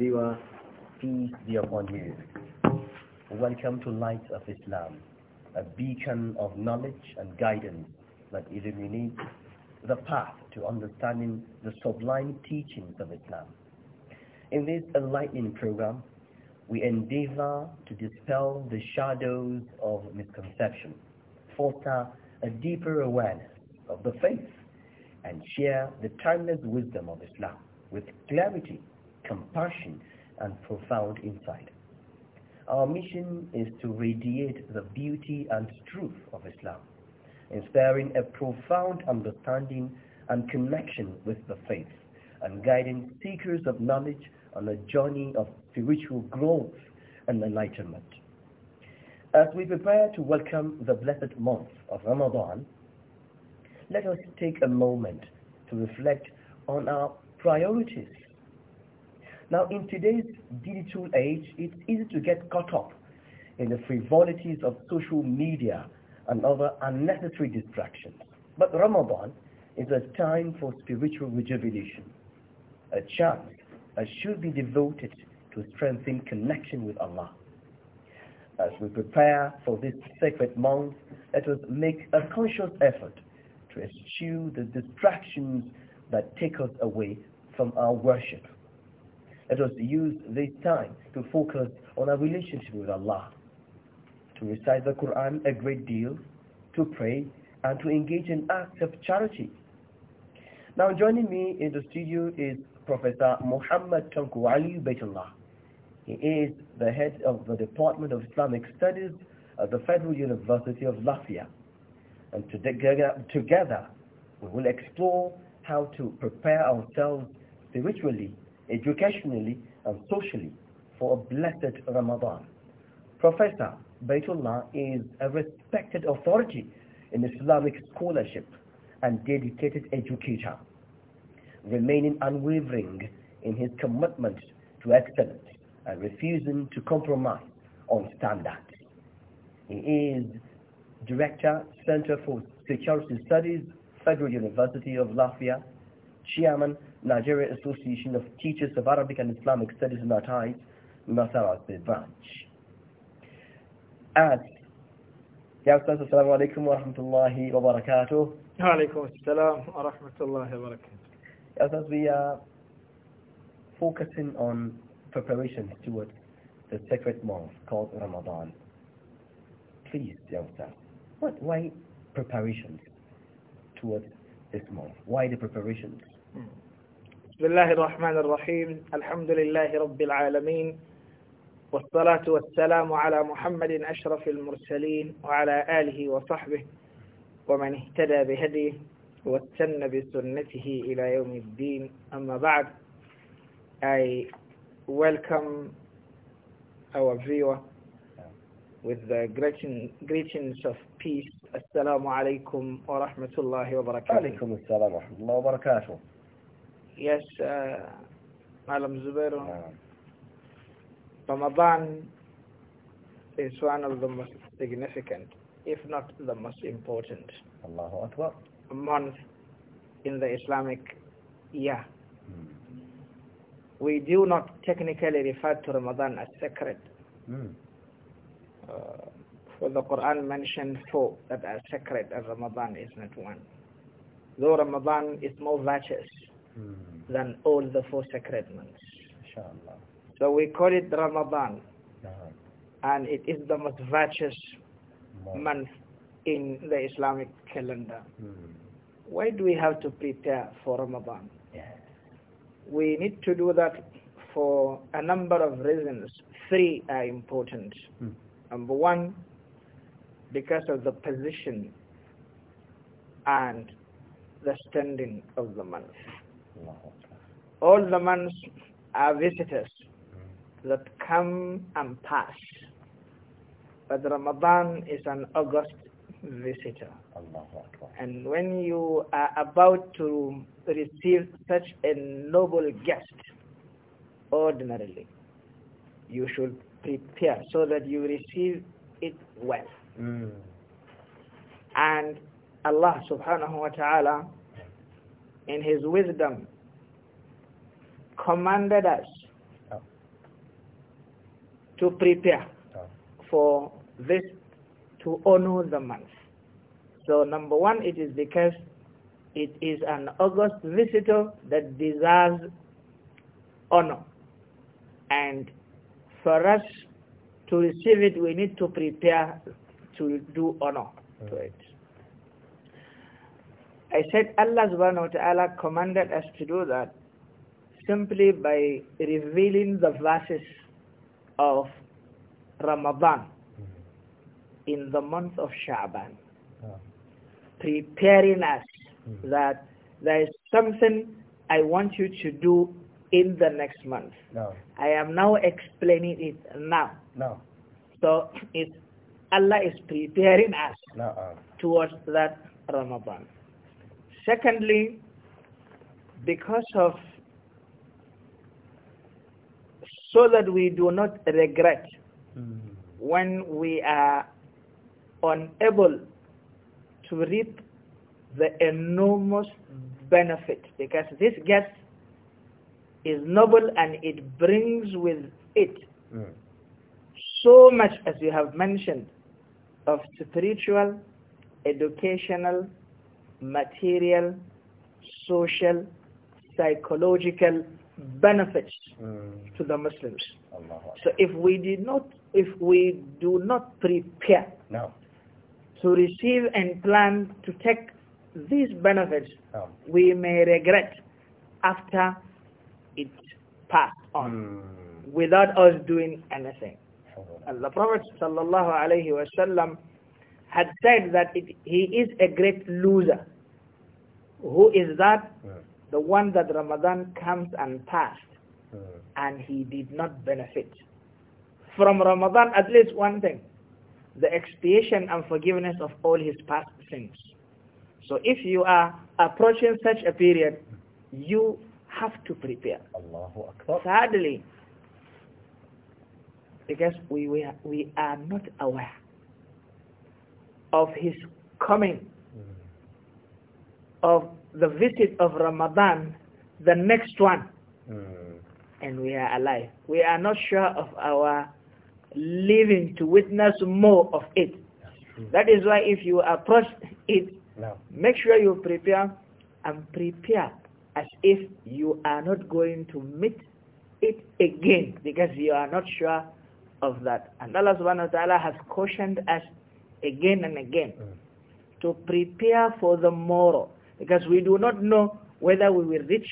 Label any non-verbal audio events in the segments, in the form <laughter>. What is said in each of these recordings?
viewer, peace be upon you. Welcome to Light of Islam, a beacon of knowledge and guidance that illuminates the path to understanding the sublime teachings of Islam. In this enlightening program, we endeavor to dispel the shadows of misconception, foster a deeper awareness of the faith, and share the timeless wisdom of Islam with clarity compassion and profound insight. Our mission is to radiate the beauty and truth of Islam, inspiring a profound understanding and connection with the faith and guiding seekers of knowledge on a journey of spiritual growth and enlightenment. As we prepare to welcome the blessed month of Ramadan, let us take a moment to reflect on our priorities now, in today's digital age, it's easy to get caught up in the frivolities of social media and other unnecessary distractions. But Ramadan is a time for spiritual rejuvenation, a chance that should be devoted to strengthen connection with Allah. As we prepare for this sacred month, let us make a conscious effort to eschew the distractions that take us away from our worship. Let us use this time to focus on our relationship with Allah, to recite the Quran a great deal, to pray, and to engage in acts of charity. Now joining me in the studio is Professor Muhammad Tanku Ali Baitullah. He is the head of the Department of Islamic Studies at the Federal University of Latvia. And together, together we will explore how to prepare ourselves spiritually educationally and socially for a blessed Ramadan. Professor Baitullah is a respected authority in Islamic scholarship and dedicated educator, remaining unwavering in his commitment to excellence and refusing to compromise on standards. He is Director, Center for Security Studies, Federal University of Latvia, Chairman, Nigeria Association of Teachers of Arabic and Islamic Studies in Nasar as the branch. As Ya Ustaz, Assalamu alaikum wa rahmatullahi wa barakatuh. Wa alaikum assalam wa rahmatullahi wa barakatuh. Ya Ustaz, we are focusing on preparations towards the sacred month called Ramadan. Please, Ya Ustaz, what, why preparations towards this month? Why the preparations? Mm. بسم الله الرحمن الرحيم الحمد لله رب العالمين والصلاة والسلام على محمد أشرف المرسلين وعلى آله وصحبه ومن اهتدى بهديه واتن بسنته إلى يوم الدين أما بعد I welcome our viewer with the greetings of peace السلام عليكم ورحمة الله وبركاته عليكم السلام ورحمة الله وبركاته Yes, uh, Malam Zubair. Uh, Ramadan is one of the most significant, if not the most important. Allahu Akbar. Month in the Islamic year. Mm. We do not technically refer to Ramadan as sacred. Mm. Uh, for the Quran mentioned four that are sacred and Ramadan is not one. Though Ramadan is more virtuous, mm than all the four sacred months. Inshallah. So we call it Ramadan. Uh-huh. And it is the most virtuous month in the Islamic calendar. Hmm. Why do we have to prepare for Ramadan? We need to do that for a number of reasons. Three are important. Hmm. Number one, because of the position and the standing of the month all the months are visitors that come and pass. But Ramadan is an august visitor. And when you are about to receive such a noble guest, ordinarily, you should prepare so that you receive it well. Mm. And Allah subhanahu wa ta'ala, in His wisdom, commanded us to prepare for this to honor the month. So number one, it is because it is an august visitor that deserves honor. And for us to receive it, we need to prepare to do honor to it. I said Allah subhanahu wa ta'ala commanded us to do that simply by revealing the verses of Ramadan in the month of Shaban, preparing us that there is something I want you to do in the next month. No. I am now explaining it now. No. So it, Allah is preparing us no. towards that Ramadan. Secondly, because of so that we do not regret mm. when we are unable to reap the enormous mm. benefit because this gift is noble and it brings with it mm. so much as you have mentioned of spiritual, educational, material, social, psychological benefits mm. to the Muslims. So if we did not, if we do not prepare no. to receive and plan to take these benefits, no. we may regret after it passed on mm. without us doing anything. And the Prophet sallallahu alaihi wasallam had said that it, he is a great loser. Who is that? Hmm the one that Ramadan comes and passed mm. and he did not benefit. From Ramadan, at least one thing, the expiation and forgiveness of all his past sins. So if you are approaching such a period, you have to prepare. Sadly, because we, we, are, we are not aware of his coming, mm. of the visit of Ramadan, the next one, mm. and we are alive. We are not sure of our living to witness more of it. That is why if you approach it, no. make sure you prepare and prepare as if you are not going to meet it again because you are not sure of that. And Allah subhanahu wa ta'ala has cautioned us again and again mm. to prepare for the morrow because we do not know whether we will reach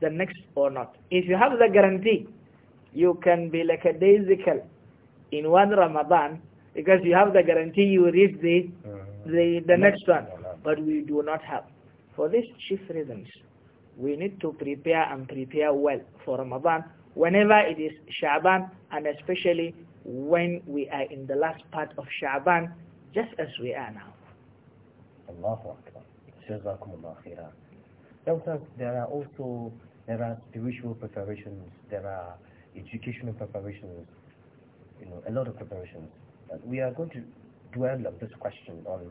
the next or not. If you have the guarantee, you can be like a lackadaisical in one Ramadan because you have the guarantee you will reach the, uh, the, the next one. But we do not have. For these chief reasons, we need to prepare and prepare well for Ramadan whenever it is Sha'ban and especially when we are in the last part of Sha'ban just as we are now. Allahu Akbar. Sometimes there are also, there are spiritual preparations, there are educational preparations, you know, a lot of preparations. we are going to dwell on this question on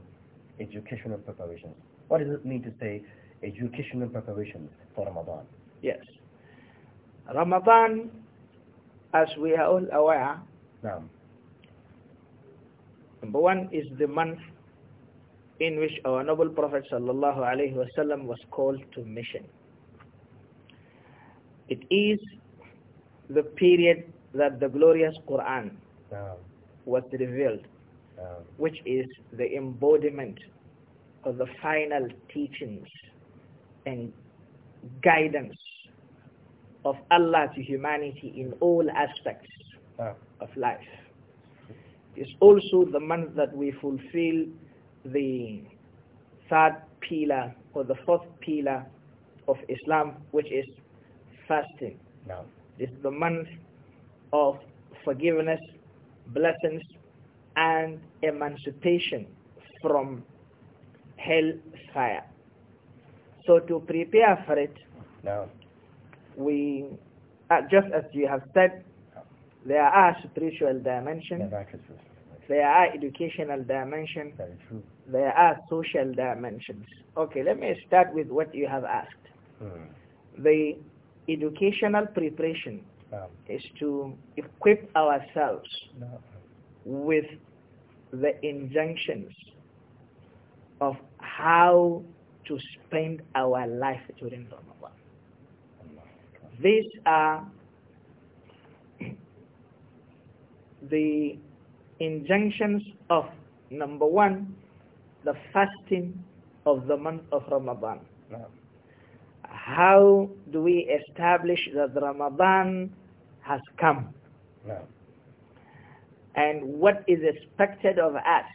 educational preparations. What does it mean to say educational preparations for Ramadan? Yes. Ramadan, as we are all aware, no. number one is the month in which our noble Prophet sallallahu was called to mission. It is the period that the glorious Quran was revealed, which is the embodiment of the final teachings and guidance of Allah to humanity in all aspects of life. It's also the month that we fulfill the third pillar or the fourth pillar of Islam, which is fasting. No. This is the month of forgiveness, blessings, and emancipation from hellfire. So to prepare for it, no. we, uh, just as you have said, there are spiritual dimensions. Yeah, there are educational dimensions. There are social dimensions. Okay, let me start with what you have asked. Hmm. The educational preparation um. is to equip ourselves no. with the injunctions of how to spend our life during Ramadan. Oh These are <clears throat> the injunctions of number one, the fasting of the month of Ramadan. No. How do we establish that Ramadan has come? No. And what is expected of us?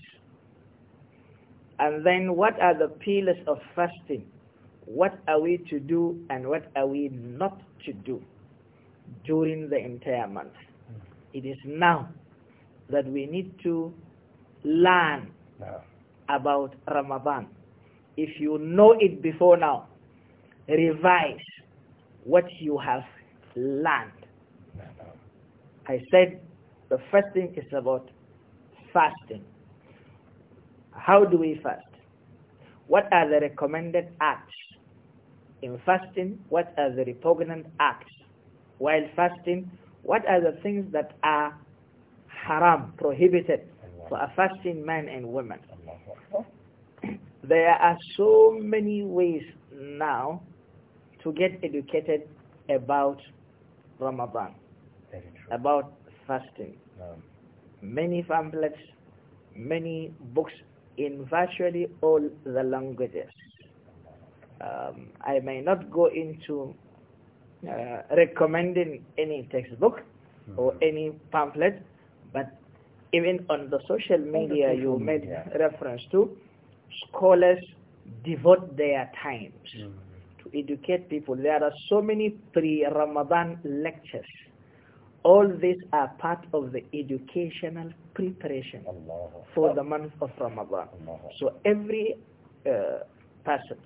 And then what are the pillars of fasting? What are we to do and what are we not to do during the entire month? Hmm. It is now that we need to learn about Ramadan. If you know it before now, revise what you have learned. no. I said the first thing is about fasting. How do we fast? What are the recommended acts in fasting? What are the repugnant acts? While fasting, what are the things that are haram, prohibited for a fasting man and woman. <clears throat> There are so many ways now to get educated about Ramadan, about fasting. many pamphlets, many books in virtually all the languages. Um, I may not go into uh, recommending any textbook or hmm. any pamphlet but even on the social media, the you made reference to scholars devote their times mm. to educate people. There are so many pre-Ramadan lectures. All these are part of the educational preparation Allah. for the month of Ramadan. Allah. So every uh, person,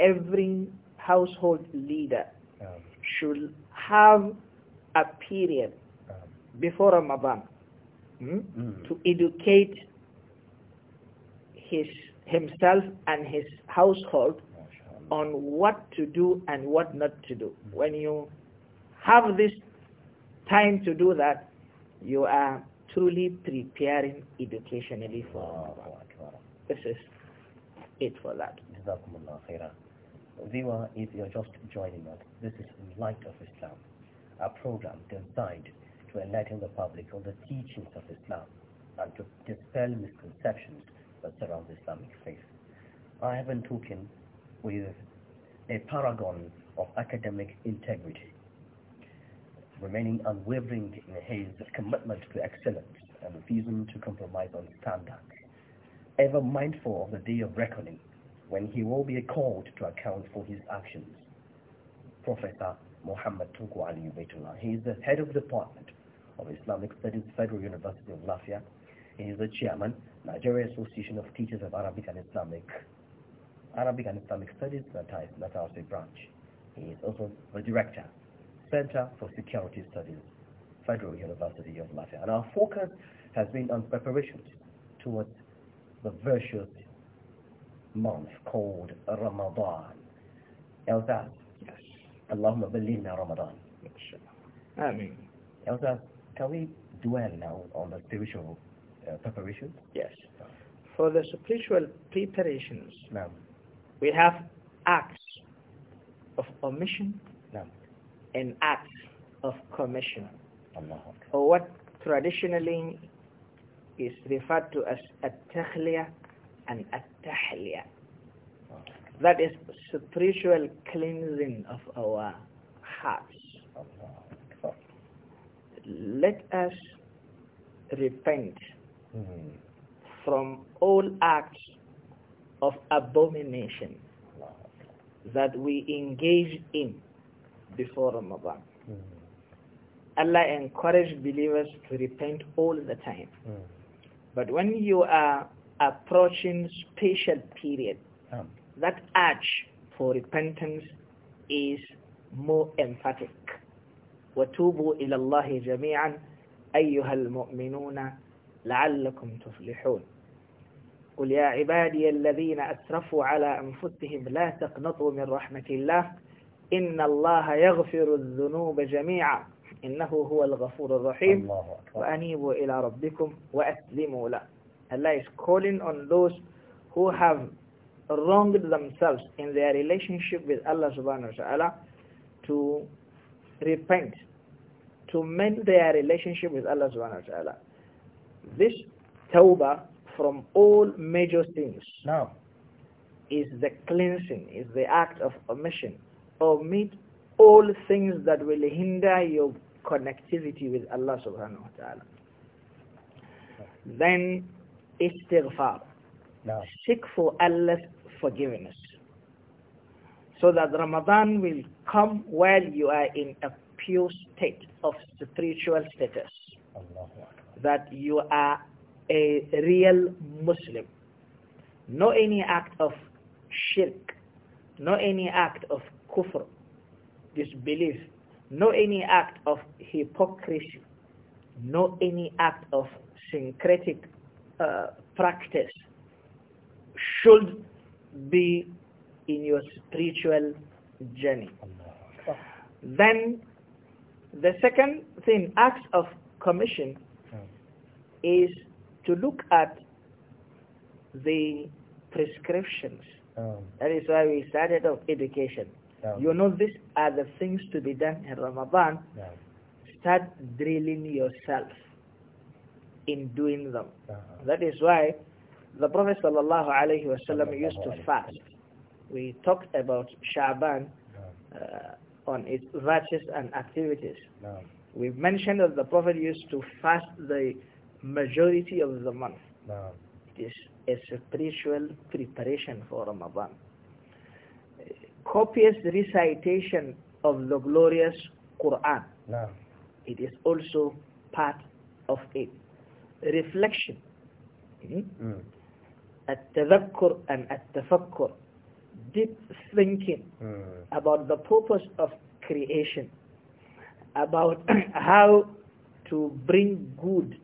every household leader um. should have a period um. before Ramadan mm. to educate his himself and his household on what to do and what not to do. Hmm. When you have this time to do that, you are truly preparing educationally for This is it for that. Viewer, if you're just joining us, this is Light of Islam, a program designed to enlighten the public on the teachings of Islam and to dispel misconceptions that surround the Islamic faith. I have been talking with a paragon of academic integrity, remaining unwavering in his commitment to excellence and refusing to compromise on standards, ever mindful of the day of reckoning when he will be called to account for his actions. Professor Muhammad Tunku Ali he is the head of the department of Islamic Studies, Federal University of Lafayette. He is the chairman, Nigeria Association of Teachers of Arabic and Islamic Arabic and Islamic Studies, Natasi branch. He is also the director, Center for Security Studies, Federal University of Lafayette. And our focus has been on preparations towards the virtuous month called Ramadan. Elzaz. Yes. Allahumma ballina Ramadan. Yes. Ameen. Elzaz, can we dwell now on the spiritual uh, preparations? Yes. For the spiritual preparations, no. we have acts of omission no. and acts of commission, Allah. or what traditionally is referred to as at-takhliya and at-tahliya. Ah. That is spiritual cleansing of our hearts. Allah let us repent mm -hmm. from all acts of abomination that we engage in before Ramadan. Mm -hmm. Allah encourages believers to repent all the time. Mm But when you are approaching special period, that urge for repentance is more emphatic. وتوبوا إلى الله جميعا أيها المؤمنون لعلكم تفلحون قل يا عبادي الذين أسرفوا على أنفسهم لا تقنطوا من رحمة الله إن الله يغفر الذنوب جميعا إنه هو الغفور الرحيم وأنيبوا إلى ربكم وأسلموا له Allah is calling on those who have wronged themselves in their relationship with Allah subhanahu wa ta'ala to repent to mend their relationship with Allah subhanahu wa ta'ala. This tawbah from all major sins no. is the cleansing, is the act of omission. Omit all things that will hinder your connectivity with Allah subhanahu wa ta'ala. Then istighfar. No. Seek for Allah's forgiveness. So that Ramadan will come while you are in a pure state of spiritual status. That you are a real Muslim. No any act of shirk, no any act of kufr, disbelief, no any act of hypocrisy, no any act of syncretic uh, practice should be in your spiritual journey. Then the second thing, acts of commission, hmm. is to look at the prescriptions. Hmm. That is why we started off education. Hmm. You know, these are the things to be done in Ramadan. Start drilling yourself in doing them. That is why the Prophet sallallahu alaihi wasallam used to fast. We talked about Shaban. Uh, on its virtues and activities. No. We've mentioned that the Prophet used to fast the majority of the month. No. It is a spiritual preparation for Ramadan. Copious recitation of the glorious Quran. No. It is also part of it. Reflection. Hmm? Mm? Mm. at and at-tafakkur. Deep thinking mm. about the purpose of creation, about <clears throat> how to bring good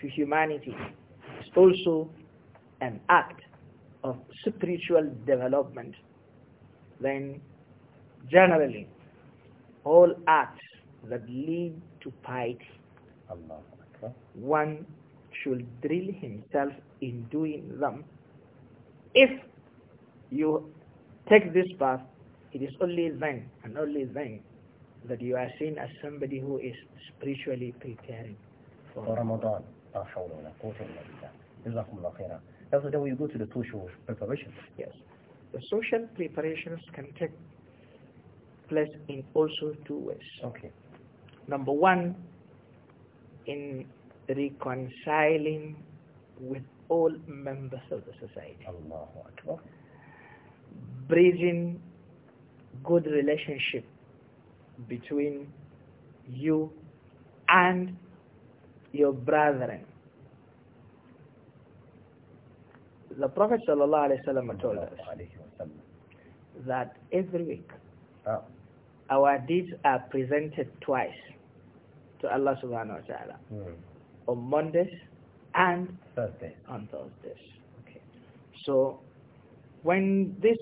to humanity is also an act of spiritual development. Then generally, all acts that lead to piety, one should drill himself in doing them. If you take this path, it is only then and only then that you are seen as somebody who is spiritually preparing for, Ramadan. That's why we go to the social preparations. Yes. The social preparations can take place in also two ways. Okay. Number one, in reconciling with all members of the society. Allahu Akbar. Bridging good relationship between you and your brethren. The Prophet told us that every week oh. our deeds are presented twice to Allah subhanahu wa ta'ala mm. on Mondays and Thursday on Thursdays. Okay. So when these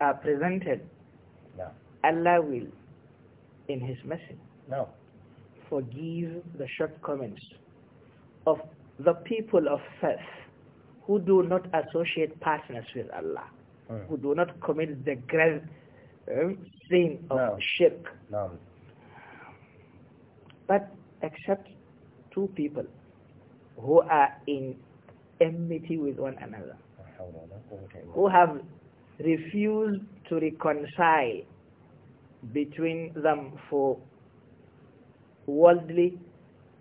are presented Allah will, in His mercy, no. forgive the shortcomings of the people of faith who do not associate partners with Allah, mm. who do not commit the grave um, sin of no. shirk. No. But except two people who are in enmity with one another, who have refused to reconcile between them for worldly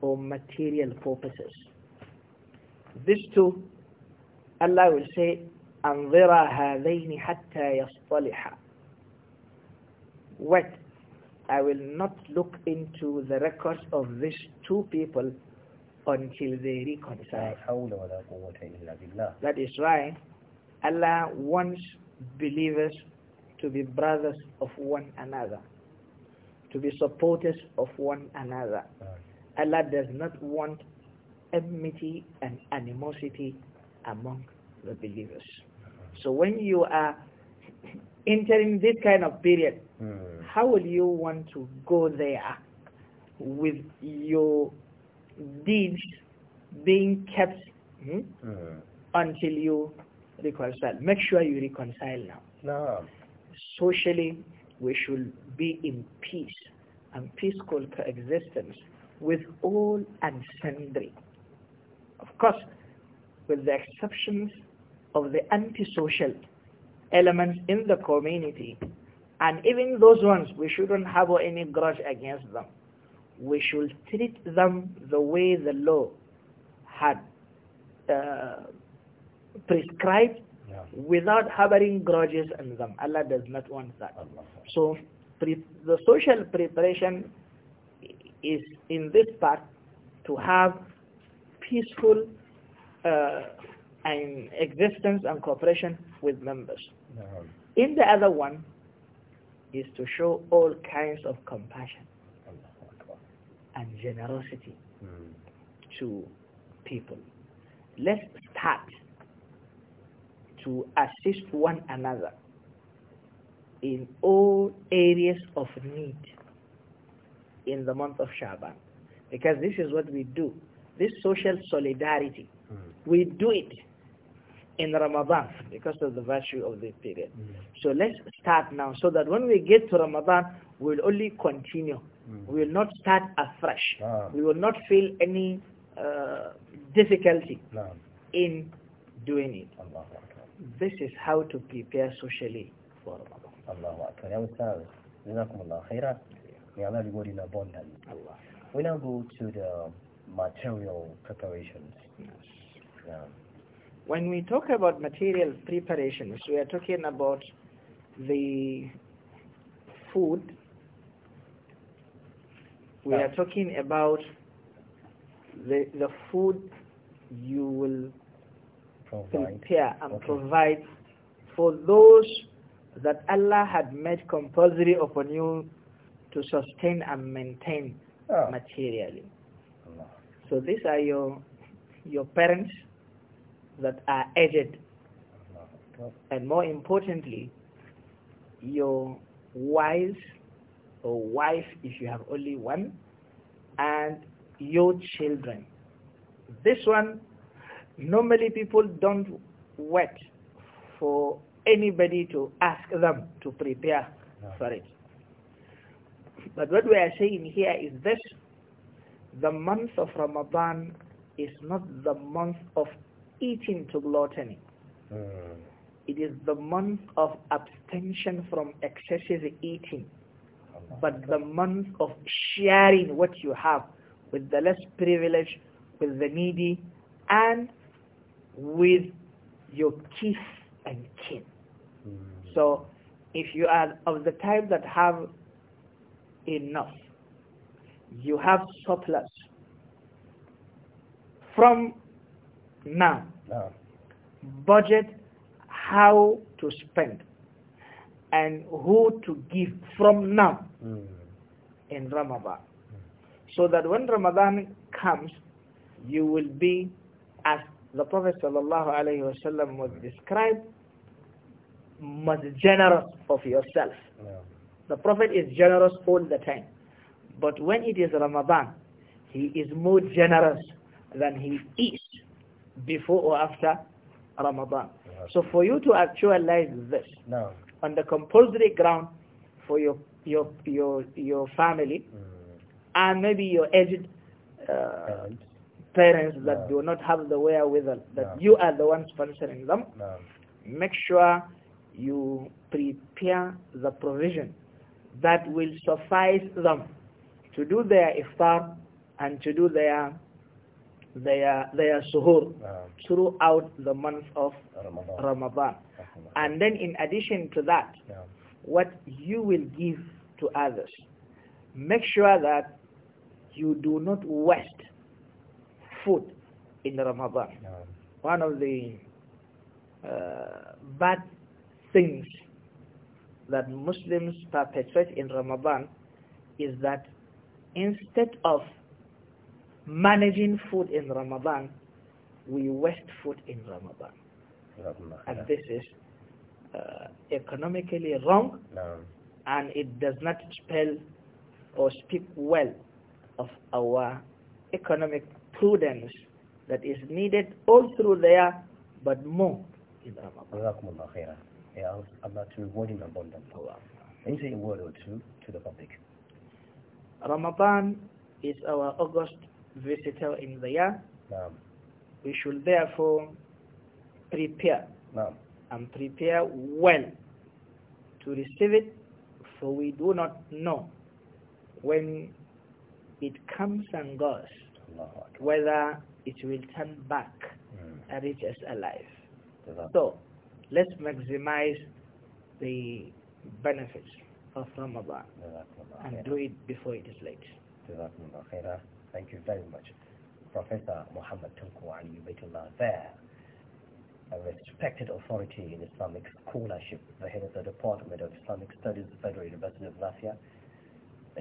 or material purposes. These two, Allah will say, أنظرا هذين حتى يصطلحا What? I will not look into the records of these two people until they reconcile. That is why Allah wants believers to be brothers of one another, to be supporters of one another. Allah does not want enmity and animosity among the believers. Uh-huh. So when you are <coughs> entering this kind of period, mm. how will you want to go there with your deeds being kept hmm, mm. until you reconcile? Make sure you reconcile now. No. Socially, we should be in peace and peaceful coexistence with all and sundry. Of course, with the exceptions of the antisocial elements in the community, and even those ones, we shouldn't have any grudge against them. We should treat them the way the law had uh, prescribed without harboring grudges and them. Allah does not want that. So the social preparation is in this part to have peaceful uh, and existence and cooperation with members. In the other one is to show all kinds of compassion and generosity mm. to people. Let's start to assist one another in all areas of need in the month of Shaban. Because this is what we do. This social solidarity, mm we do it in Ramadan because of the virtue of the period. Mm So let's start now so that when we get to Ramadan, we'll only continue. Mm We will not start afresh. Ah. We will not feel any uh, difficulty no. Ah. in doing it. Allah. This is how to prepare socially for Ramadan. Allahu Akbar. Ya Ustaz, Jazakumullah khairan. May Allah reward in abundance. Allah. We now go to the material preparations. Yes. Yeah. When we talk about material preparations, we are talking about the food. We yeah. are talking about the, the food you will provide. prepare and okay. provide for those that Allah had made compulsory upon you to sustain and maintain oh. materially. Allah. So these are your your parents that are aged. And more importantly, your wives or wife if you have only one, and your children. This one Normally people don't wait for anybody to ask them to prepare no. for it. But what we are saying here is this, the month of Ramadan is not the month of eating to gluttony. Mm. It is the month of abstention from excessive eating, but the month of sharing what you have with the less privileged, with the needy, and with your kiss and kin. Mm. So if you are of the type that have enough, you have surplus from now. No. Ah. Budget how to spend and who to give from now mm. in Ramadan. Mm. So that when Ramadan comes, you will be as the Prophet ﷺ was described must generous of yourself. Yeah. The Prophet is generous all the time. But when it is Ramadan, he is more generous than he is before or after Ramadan. Yeah. So for you to actualize this no. on the compulsory ground for your your your your family mm. and maybe your aged uh, parents that do not have the wherewithal, that you are the one sponsoring them. Make sure you prepare the provision that will suffice them to do their iftar and to do their their their suhoor throughout the month of Ramadan. Ramadan. And then in addition to that, what you will give to others, make sure that you do not waste food in Ramadan. One of the uh, bad things that Muslims perpetrate in Ramadan is that instead of managing food in Ramadan, we waste food in Ramadan. And this is uh, economically wrong and it does not spell or speak well of our economic prudence that is needed all through there, but more in Ramadan. May Allah to reward in abundance. Can you say a word or two to the public? Ramadan is our August visitor in the year. We should therefore prepare and prepare well to receive it, for we do not know when it comes and goes whether it will turn back hmm. and reach us alive. So let's maximize the benefits of Ramadan and do it before it is late. Thank you very much. Professor Muhammad Tunku Ali Ubaitullah there, a respected authority in Islamic scholarship, the head of the Department of Islamic Studies, Federal University of Latvia,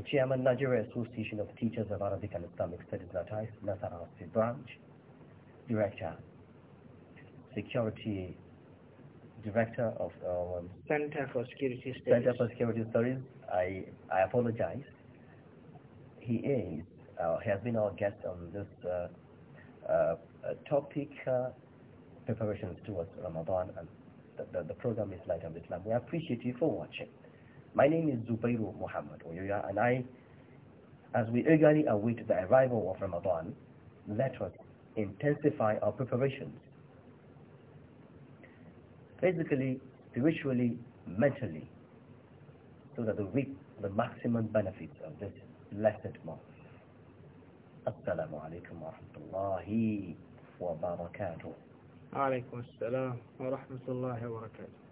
Chairman Nigeria Association of Teachers of Arabic and Islamic Studies at Nasarawa Branch, Director, Security, Director of um, Center for Security Studies. Center for Security Studies. I, I apologize. He is, uh, he has been our guest on this uh, uh, topic, uh, preparations towards Ramadan, and the, the, the program is Light of Islam. We appreciate you for watching. My name is Zubairu Muhammad Oyoya, and I, as we eagerly await the arrival of Ramadan, let us intensify our preparations. Physically, spiritually, mentally, so that we reap the maximum benefits of this blessed month. Assalamu alaikum wa rahmatullahi wa barakatuh. assalam wa rahmatullahi wa barakatuh.